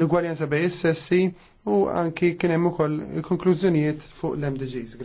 l-ugwaljanza bej is-sessi u anki kien hemm ukoll konklużjonijiet fuq l-MDGs.